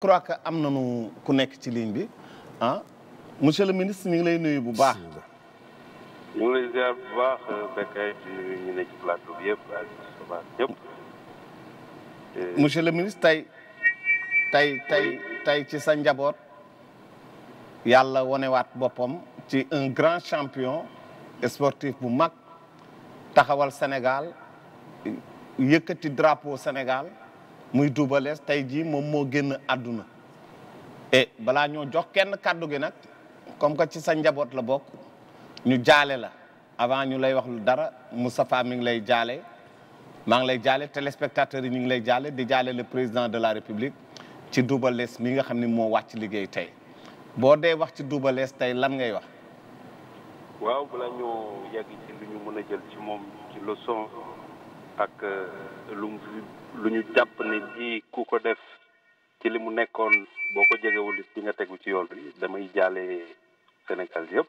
je crois que am nañu ku nekk ci ligne bi ah monsieur le ministre ñu ngi lay nuyu bu baax. ñu ngi eh, monsieur le ministre tey tey tey tey ci sa njaboot yàlla wonewaat boppam ci un grand champion sportif bu mag taxawal Sénégal yëkkati drapo Sénégal. muy Touba tey jii moom moo génn àdduna et balaa ñoo jox kenn kàddu gi nag comme que ci sa njaboot la bokk ñu jaale la avant ñu lay wax dara mu Moustapha mi ngi lay jaale maa ngi lay jaale téléspectateurs yi ñu ngi lay jaale di jaale le président de la république ci Touba mi nga xam ni moo wàcc liggéey tey boo dee wax ci duubalees tey lan ngay wax. waaw balaa ñoo yegg ci lu ñu mën a jël ci moom ci leçon ak euh, lu lu ñu jàpp ne ji ku ko def ci li mu nekkoon boo ko jegewul di nga tegu ci yoon bi damay jaale Sénégal yëpp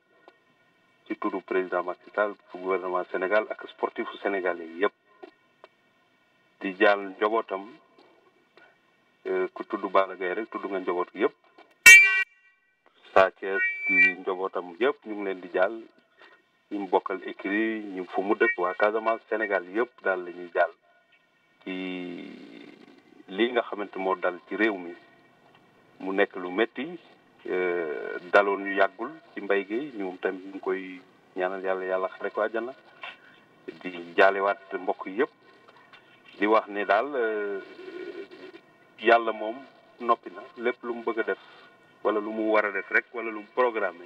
ci turu président Macky Sall fu Sénégal ak sportifu sénégalais yëpp di jaal njobootam euh, ku tudd Balla Gaye rek tudd nga njoboot gi yëpp Sa Thiès di njobootam yëpp ñu ngi leen di jaal ñu bokkal écrit ñu fu mu dëkk waa Casamance Sénégal yëpp daal la ñuy jaal ci lii nga xamante moo dal ci réew mi mu nekk lu métti euh, daloon ñu yàggul ci mbay gi ñoom tamit ñu koy ñaanal yàlla yàlla xare jana di jaalewaat mbokk yëpp di wax ne daal euh, yàlla moom noppi na lépp lu mu bëgg a def wala lu mu war a def rek wala lu mu programmé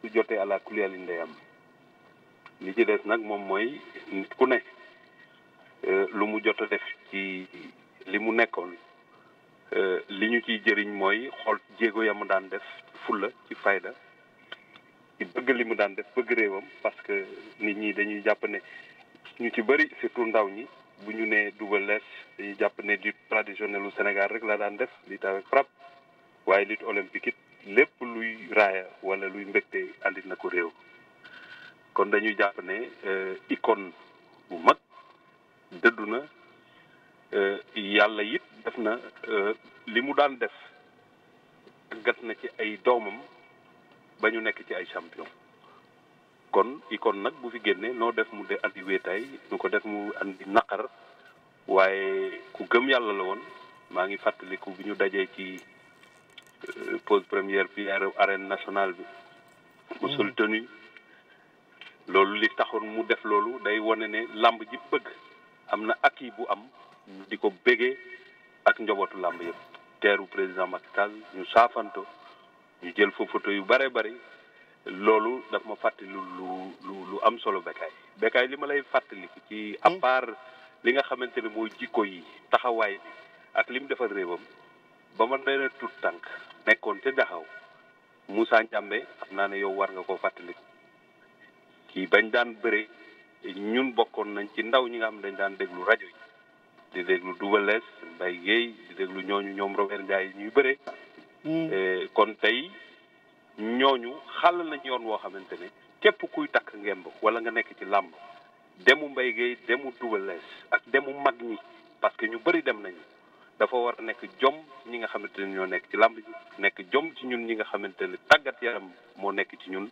su jotee àla kuliyalin ndeyam li ci des nag moom mooy ku nekk Euh, lu mu jot a def ci li mu nekkoon euh, li ñu ciy jëriñ mooy xool jéego ya daan def ci fulla ci fayda ci bëgg li mu daan def bëgg réewam parce que nit ñi dañuy jàpp ne ñu ci bëri surtout ndaw ñi bu ñu nee Double Less dañuy jàpp ne di traditionnelle u Sénégal rek la daan def lutte avec frappe waaye lutte olympique it lépp luy raaya wala luy mbégte andi na ko réew kon dañuy jàpp ne euh, icône bu mag dëddu na eh, yàlla yit def na eh, li mu daan def gat na ci ay doomam ba ñu nekk ci ay champion kon kon nag bu fi génnee noo def mu de andi wéetaay nu ko def mu andi naqar waaye ku gëm yàlla la woon maa ngi fàttaliku bu ñu dajee ci eh, pose première bi arène nationale bi mm-hmm. mu loolu li taxoon mu def loolu day wane ne làmb ji bëgg am na acquis bu am di ko bégee ak njobootu làmb yëpp teeru président Macky Sall ñu saafanto ñu jël fa photo yu bare bari loolu daf ma fàttali lu lu lu am solo Bécaye Bécaye li ma lay fàttali ki à hmm. part li nga xamante ne mooy jikko yi taxawaay bi ak li mu defal réewam ba ma nee tut tànk nekkoon ca jaxaw Moussa Ndiambe xam naa ne yow war nga koo fàttali kii bañ daan bëre ñun bokkoon nañ ci ndaw ñi nga xam dañ daan déglu rajo yi di déglu Double Less Mbaye Guèye di déglu ñooñu ñoom Robert Ndiaye ñuy bëre hmm. eh, kon tey ñooñu xàll nañ yoon woo xamante ne képp kuy takk ngemb wala nga nekk ci làmb demu mbay Guèye demu Double Less ak demu mag ñi parce que ñu bëri dem nañu dafa war a nekk jom ñi nga xamante ne ñoo nekk ci làmb ji nekk jom ci ñun ñi nga xamante ne tàggat yaram moo nekk ci ñun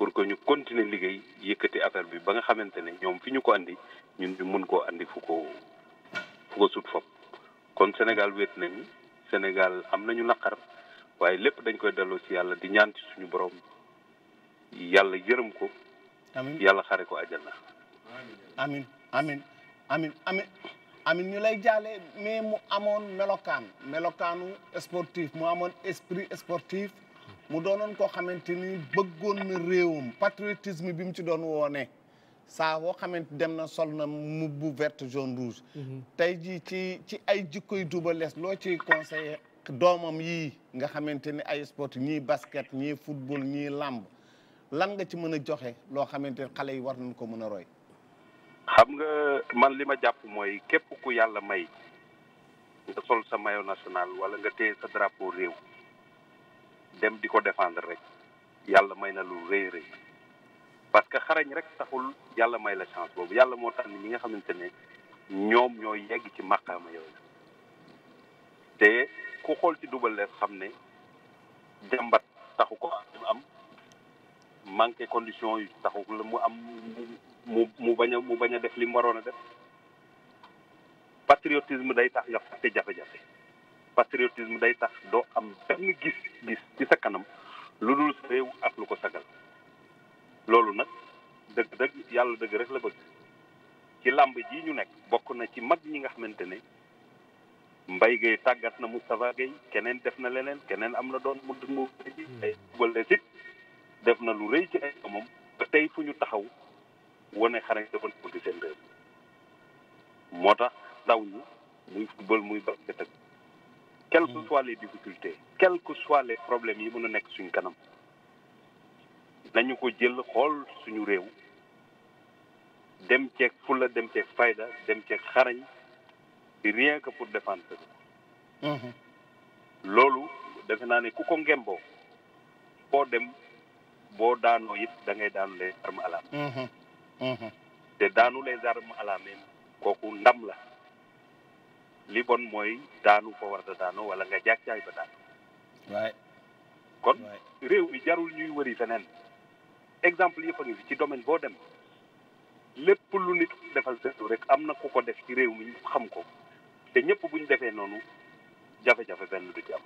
pour que ñu continuer liggéey yëkkati affaire bi ba nga xamante ne ñoom fi ñu ko andi ñun ñu mën koo andi fu ko fu sut fop kon Sénégal wéet nañu Sénégal am nañu naqar waaye lépp dañ koy delloo ci yàlla di ñaan suñu boroom yàlla yërëm ko. amin yàlla xare ko àjjana. amin amin ñu lay jaale mais mu amoon melokaan melokaanu sportif mu amoon esprit sportif. mu doonoon koo xamante ni bëggoon na réewam patriotisme bi mu ci doon woone saa woo xamante dem na sol na bu verte jaune rouge. Mhm. tey jii ci ci ay jikkoy Double Less loo ci conseillé doomam yi nga xamante ni ay sport ñii basket ñii football ñii làmb lan nga ci mën a joxe loo xamante ni xale yi war nañ ko mën a roy. xam nga man li ma jàpp mooy képp ku yàlla may nga sol sa maillot national wala nga téye sa drapeau réew. dem di ko defendre rek yàlla may na lu rëy rëy parce que xarañ rek taxul yàlla may la chance boobu yàlla moo tax ni ñi nga xamante ne ñoom ñoo yegg ci màqaama yooyu te ku xool ci Double Less xam ne jàmbat taxu ko am manqué condition yu taxu la mu am mu mu bañ a mu bañ a def li mu waroon a def patriotisme day tax nga fàtte jafe-jafe patriotisme day tax doo am benn gis-gis ci sa kanam lu dul sa réew ak lu ko sagal loolu nag dëgg-dëgg yàlla dëgg rek la bëgg ci làmb ji ñu nekk bokk na ci mag ñi nga xamante ne mbay Gueye tàggat na Moustapha Gueye keneen def na leneen keneen am na doon mu mu ji ay wala hmm. sit def na lu rëy ci ay moom tey fu ñu taxaw wane xarañ dafa bëgg seen réew moo tax daw ñi muy football muy basket ak quelles que mm. soient les difficultés quels que les problèmes yi mën a nekk suñ kanam nañu ko jël xool suñu réew dem ceek fulla dem ceeg fayda dem ceeg xarañ rien que pour défendre mm-hmm. loolu defe naa ne ku ko ngemboo boo dem boo daanoo it dangay ngay daanu les armes à mm-hmm. Mm-hmm. te daanu les armes à la kooku ndam la li bon mooy daanu ko war daanu wala nga jaag-jaag ba daanu kon réew mi jarul ñuy wari feneen exemple yëpp a ngi ci domaine boo dem lépp lu nit defal dëddu rek am na ku ko def ci réew mi ñu xam ko te ñëpp bu ñu defee noonu jafe-jafe benn ci am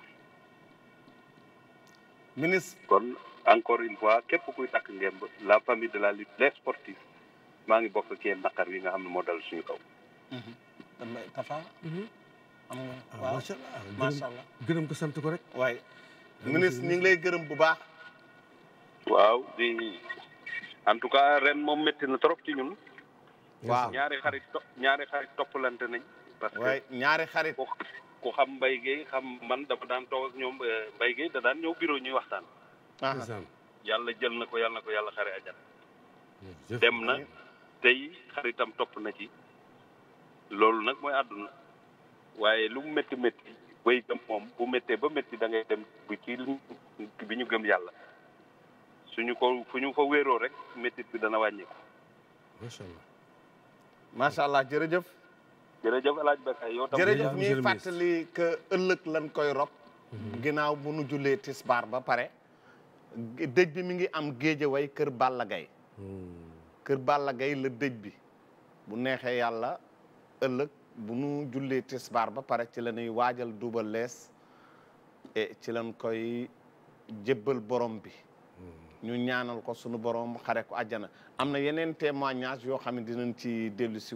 ministre kon encore une fois képp kuy takk ngemb la famille de la lutte les sportifs maa ngi bokk kee naqar wi nga xam ne moo dal suñu kaw mhm. Tafa. Mhm. am nga ah, macha allah gërëm ko sant ko rek. waaye ministre ñu lay gërëm bu baax. waaw di en tout cas ren moom métti na trop ci ñun. waaw ñaari xarit to ñaari xarit toppalante nañ. parce que ñaari xarit. ku xam mbay Guèye xam man dama daan toog ak ñoom euh, Mbaye Guèye da daan ñëw bureau ñuy waxtaan. Ah. yàlla jël na ko yàlla na ko yàlla xare ajal dem na tey xaritam topp na ci. loolu nag mooy àdduna waaye lu mu métti métti way gëm moom bu méttee ba métti da ngay dem bu ci bi ñu gëm yàlla suñu ko fu ñu fa wéeroo rek méttit bi dana wàññeeku. macha allah jërëjëf. jërëjëf El Hadj Bakay yow jërëjëf ñuy fàttali que ëllëg lañ koy rob. Mhm. ginnaaw bu nu jullee tisbaar ba pare. dëj bi mi ngi am géejaway kër Balla Gaye hmm. kër Balla Gaye la dëj bi bu neexee yàlla. ëllëg bu nu jullee tisbaar ba pare ci la ñuy waajal duuba lees et ci lañ koy jébbal borom bi hmm. ñu ñaanal ko sunu borom xare ko àjjana am na yeneen témoignage yoo xam ne dinañ ci dellusi